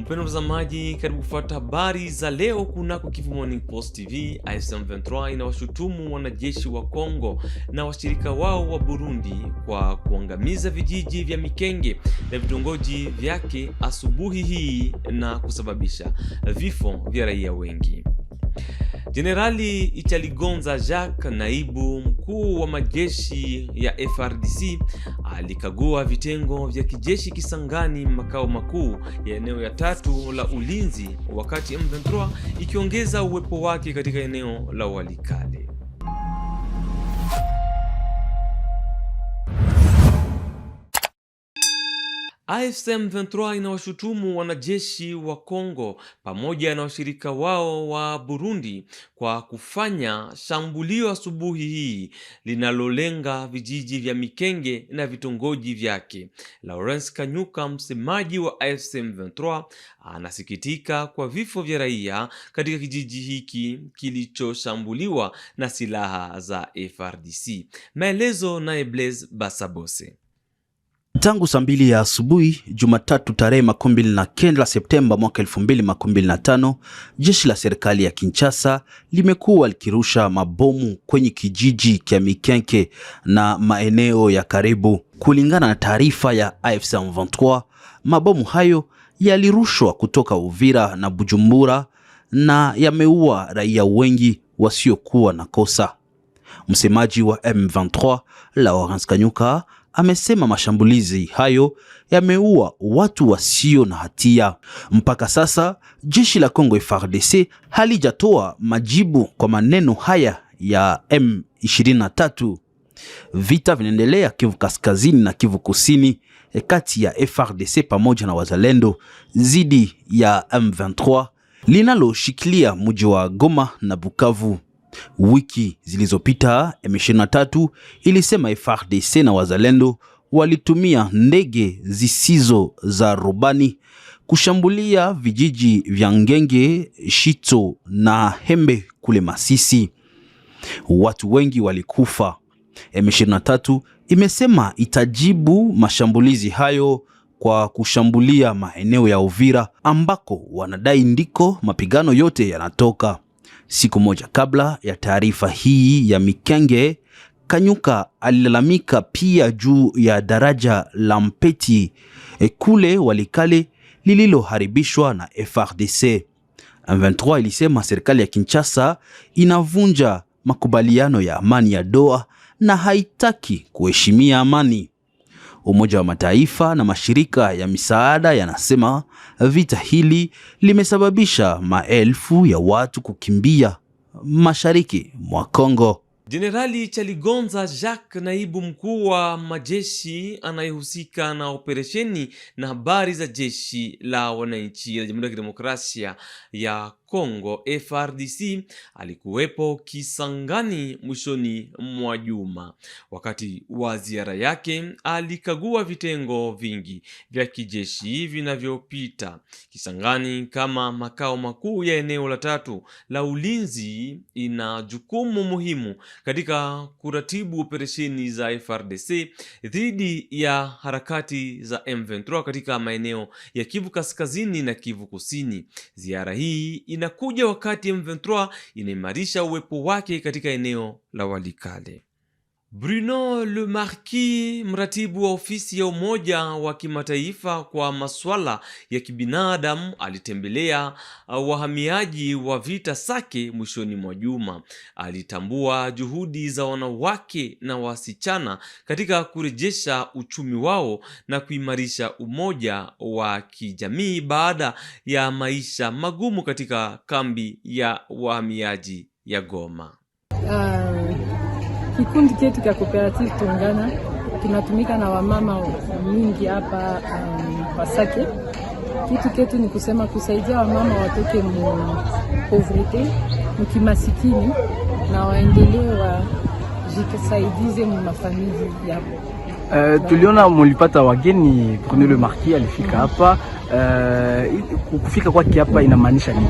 Mpendwa mtazamaji, karibu kufuata habari za leo kunako Kivu Morning Post TV. M23 inawashutumu wanajeshi wa Kongo na washirika wao wa Burundi kwa kuangamiza vijiji vya Mikenge na vitongoji vyake asubuhi hii na kusababisha vifo vya raia wengi. Jenerali Ichaligonza Jacques, naibu mkuu wa majeshi ya frdc alikagua vitengo vya kijeshi Kisangani, makao makuu ya eneo ya tatu la ulinzi, wakati M23 ikiongeza uwepo wake katika eneo la Walikale. M23 inawashutumu wanajeshi wa Kongo pamoja na washirika wao wa Burundi kwa kufanya shambulio asubuhi hii linalolenga vijiji vya Mikenge na vitongoji vyake. Lawrence Kanyuka, msemaji wa M23, anasikitika kwa vifo vya raia katika kijiji hiki kilichoshambuliwa na silaha za FARDC. Maelezo naye Blaise Basabose. Tangu saa mbili ya asubuhi Jumatatu tarehe makumi mbili na kenda Septemba mwaka elfu mbili makumi mbili na tano jeshi la serikali ya Kinshasa limekuwa likirusha mabomu kwenye kijiji cha Mikenke na maeneo ya karibu. Kulingana na taarifa ya AFC M23, mabomu hayo yalirushwa kutoka Uvira na Bujumbura na yameua raia wengi wasiokuwa na kosa. Msemaji wa M23 Laurence Kanyuka amesema mashambulizi hayo yameua watu wasio na hatia. Mpaka sasa jeshi la congo FARDC halijatoa majibu kwa maneno haya ya M23. Vita vinaendelea Kivu Kaskazini na Kivu Kusini eh, kati ya FARDC pamoja na wazalendo dhidi ya M23 linaloshikilia mji wa Goma na Bukavu. Wiki zilizopita M23 ilisema FARDC na wazalendo walitumia ndege zisizo za rubani kushambulia vijiji vya Ngenge, Shito na Hembe kule Masisi. Watu wengi walikufa. M23 imesema itajibu mashambulizi hayo kwa kushambulia maeneo ya Uvira ambako wanadai ndiko mapigano yote yanatoka. Siku moja kabla ya taarifa hii ya Mikenge, Kanyuka alilalamika pia juu ya daraja la Mpeti e, kule Walikale lililoharibishwa na FRDC. M23 ilisema serikali ya Kinshasa inavunja makubaliano ya amani ya Doha na haitaki kuheshimia amani. Umoja wa Mataifa na mashirika ya misaada yanasema vita hili limesababisha maelfu ya watu kukimbia mashariki mwa Kongo. Jenerali Chaligonza Jacques, naibu mkuu wa majeshi anayehusika na operesheni na habari za jeshi la wananchi la Jamhuri ya Kidemokrasia ya Kongo frdc alikuwepo Kisangani mwishoni mwa juma. Wakati wa ziara yake, alikagua vitengo vingi vya kijeshi vinavyopita Kisangani kama makao makuu ya eneo la tatu la ulinzi. Ina jukumu muhimu katika kuratibu operesheni za frdc dhidi ya harakati za M23 katika maeneo ya Kivu Kaskazini na Kivu Kusini. Ziara hii inakuja wakati M23 inaimarisha uwepo wake katika eneo la Walikale. Bruno Marquis, mratibu wa ofisi ya Umoja wa Kimataifa kwa masuala ya kibinadamu, alitembelea uh, wahamiaji wa vita Sake mwishoni mwa juma. Alitambua juhudi za wanawake na wasichana katika kurejesha uchumi wao na kuimarisha umoja wa kijamii baada ya maisha magumu katika kambi ya wahamiaji ya Goma. Uh... Kikundi chetu cha Cooperative Tuungana tunatumika na wamama mingi hapa um, Pasake. Um, kitu chetu ni kusema kusaidia wamama watoke mu povrete mkimasikini na waendelee wajisaidize mu mafamili yapo Uh, tuliona mulipata wageni Bruno Le Marquis alifika hapa. Uh, kufika kwake hapa inamaanisha nini?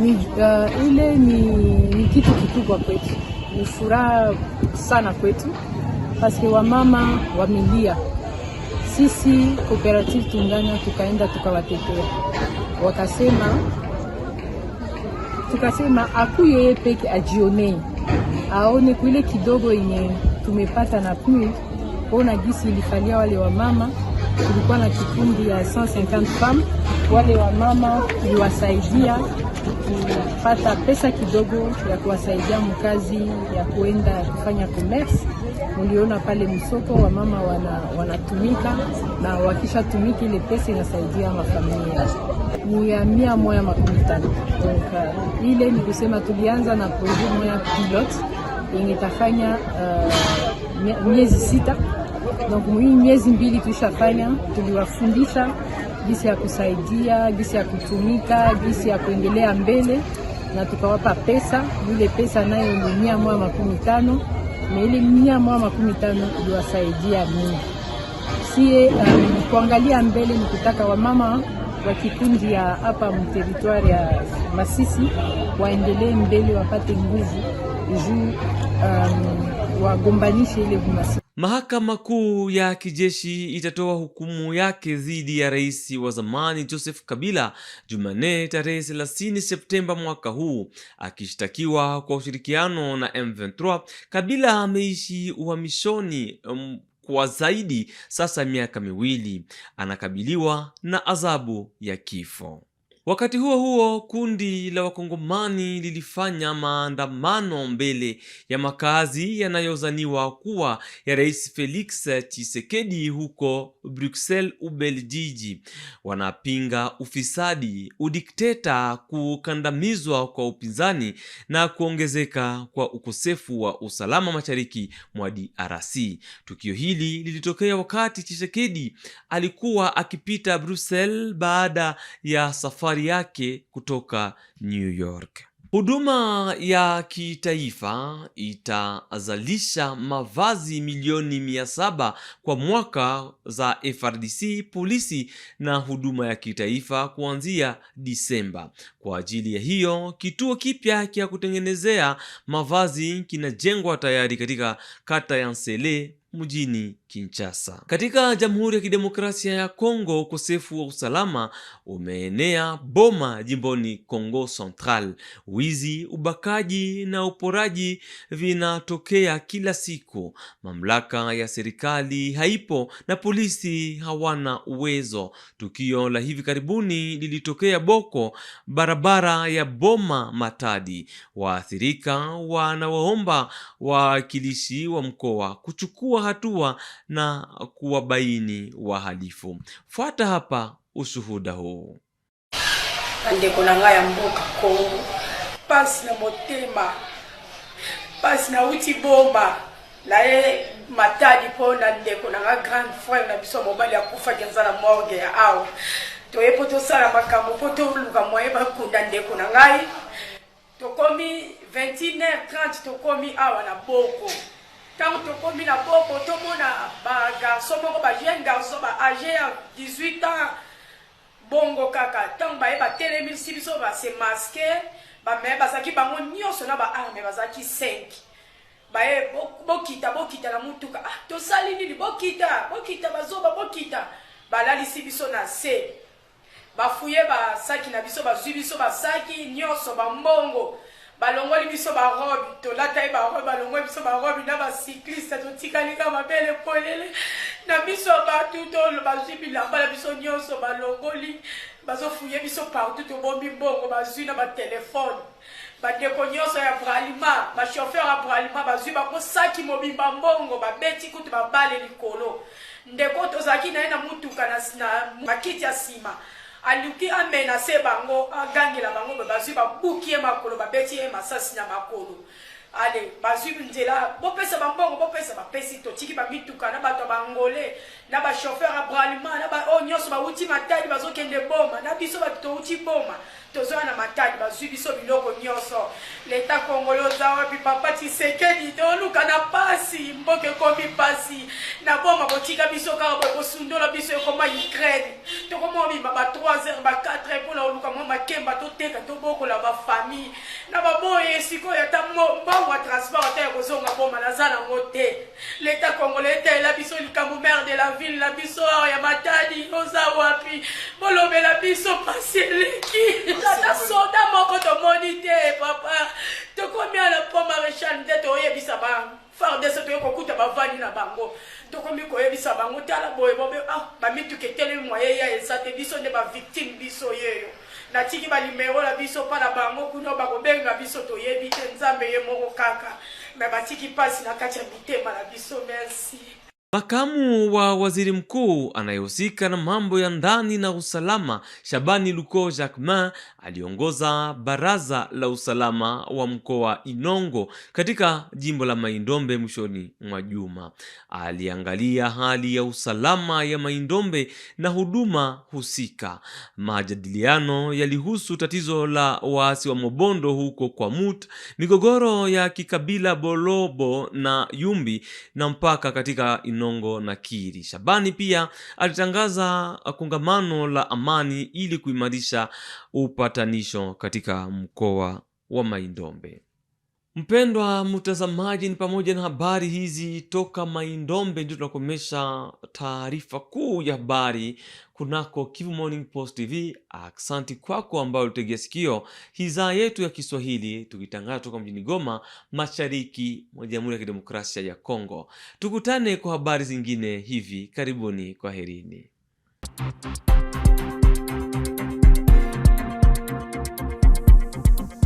Ni, uh, ile ni, ni kitu kikubwa kwetu ni furaha sana kwetu, paske wamama wamelia. Sisi Cooperative Tunganya tukaenda tukawatetea, wakasema tukasema akuye yeye peke ajionee, aone kuile kidogo yenye tumepata na pui ona gisi ilifalia wale wamama. Tulikuwa na kikundi ya 150 femmes wale wamama tuliwasaidia kupata pesa kidogo ya kuwasaidia mkazi ya kuenda kufanya commerce. Muliona pale msoko mama wana, wanatumika na wakishatumika ile pesa inasaidia mafamilia ni ya mia moya makumi tano. Uh, ile ni kusema tulianza na projet moya pilot yenye tafanya uh, miezi sita. Donc hii miezi mbili tuishafanya, tuliwafundisha jinsi ya kusaidia, jinsi ya kutumika, jinsi ya kuendelea mbele, na tukawapa pesa. Ile pesa nayo ni mia moja makumi tano na ile mia moja makumi tano iliwasaidia mimi sie. Um, kuangalia mbele ni kutaka wamama wa kikundi ya hapa mteritwari ya Masisi waendelee mbele, wapate nguvu juu um, wagombanishe ile Masisi. Mahakama Kuu ya kijeshi itatoa hukumu yake dhidi ya rais wa zamani Joseph Kabila Jumanne tarehe 30 Septemba mwaka huu. Akishtakiwa kwa ushirikiano na M23, Kabila ameishi uhamishoni um, kwa zaidi sasa miaka miwili. Anakabiliwa na adhabu ya kifo. Wakati huo huo, kundi la wakongomani lilifanya maandamano mbele ya makazi yanayozaniwa kuwa ya Rais Felix Tshisekedi huko Bruxelles, Ubelgiji. Wanapinga ufisadi, udikteta, kukandamizwa kwa upinzani na kuongezeka kwa ukosefu wa usalama mashariki mwa DRC. Tukio hili lilitokea wakati Tshisekedi alikuwa akipita Bruxelles baada ya safari safari yake kutoka New York. Huduma ya kitaifa itazalisha mavazi milioni mia saba kwa mwaka za FRDC, polisi na huduma ya kitaifa kuanzia Disemba. Kwa ajili ya hiyo, kituo kipya cha kutengenezea mavazi kinajengwa tayari katika kata ya Nsele mjini Kinshasa. Katika Jamhuri ya Kidemokrasia ya Kongo, ukosefu wa usalama umeenea Boma jimboni Kongo Central. Wizi, ubakaji na uporaji vinatokea kila siku. Mamlaka ya serikali haipo na polisi hawana uwezo. Tukio la hivi karibuni lilitokea Boko, barabara ya Boma Matadi. Waathirika wanawaomba wawakilishi wa mkoa kuchukua hatua na kuwabaini wahalifu. Fuata hapa ushuhuda huu. ndeko na ngai ya mboka Kongo, mpasi na motema, pasi na uti bomba naye matadi mpo na ndeko na ngai grand frere na biso ya mobali akufaki aza na morge ya awa toye mpo tosala makambo po toluka mwaye bakunda ndeko na ngai tokomi 21 h 30 tokomi awa na boko ntango tokomi na boko tomona bagarso moko bajeune garso baage ya 18 ans bongo kaka ntango baye batelemisi biso base maske bameye bazalaki bango nyonso na baarme bazalaki 5 baye bokita bokita na motuka ah, tosali nini bokita bokita bazoba bokita balalisi biso na se bafuye basaki na biso bazwi biso basaki nyonso bambongo balongoli biso barobi tolata ye barobi balongoli biso barobi na bacycliste totikali ka mabele polele na biso bato to bazwi bilamba na biso nyonso balongoli bazofuye biso partout tobombi mbongo bazwi na batelefone bandeko nyonso ya bralima bashofeur ya bralima bazwi bango saki mobimba mbongo babeti kutu babale likolo ndeko tozalaki na ye na mutuka na bakiti ya nsima alingi amenase bango agangela bango me bazwi babuki ye makolo babeti ye masasi na makolo ale bazwi nzela bopesa bambongo bopesa bapesi totiki bamituka na bato ya bangole na bashofeur ya bralima na baoyo oh, nyonso bawuti matadi bazokende boma na biso bato towuti boma tozoya na matadi bazwi biso biloko nyonso leta kongolo oza wapi papa tisekedi toluka na pasi mboka ekomi pasi na boma botika biso kaka bokosundola biso ekoma ukraine tokomobima ba 3 heures koteka tobokola bafamille na baboye eh, sikoyo ata mbango ya transport ata ya kozonga boma naza nango te leta congolais etayela biso likambo mare de la ville na biso awa ya matadi oza wapi bolobela biso pasi eleki ata soda moko tomoni te papa tokomi ana po maréchal nde toye fardese toye kokuta bavandi na bango tokomi koyebisa bango tala boye bobe ah bamituka etelemi mwaye ya eza te biso nde bavictime biso yeyo natiki balimero na biso mpa na bango kuna bakobenga biso toyebi te nzambe ye moko kaka me batiki mpasi na kati ya mitema na biso merci Makamu wa waziri mkuu anayehusika na mambo ya ndani na usalama, Shabani Luko Jacquemain aliongoza baraza la usalama wa mkoa Inongo katika jimbo la Maindombe mwishoni mwa juma. Aliangalia hali ya usalama ya Maindombe na huduma husika. Majadiliano yalihusu tatizo la waasi wa Mobondo huko kwa Mut, migogoro ya kikabila Bolobo na Yumbi na mpaka katika Inongo. Kinongo na Kiri. Shabani pia alitangaza kongamano la amani ili kuimarisha upatanisho katika mkoa wa Maindombe. Mpendwa mtazamaji, ni pamoja na habari hizi toka Maindombe, ndio tunakomesha taarifa kuu ya habari kunako Kivu Morning Post TV. kwako ambayo ulitegea sikio hizaa yetu ya Kiswahili tukitangaza toka mjini Goma, mashariki mwa Jamhuri ya Kidemokrasia ya Kongo. Tukutane kwa habari zingine hivi karibuni. Kwaherini.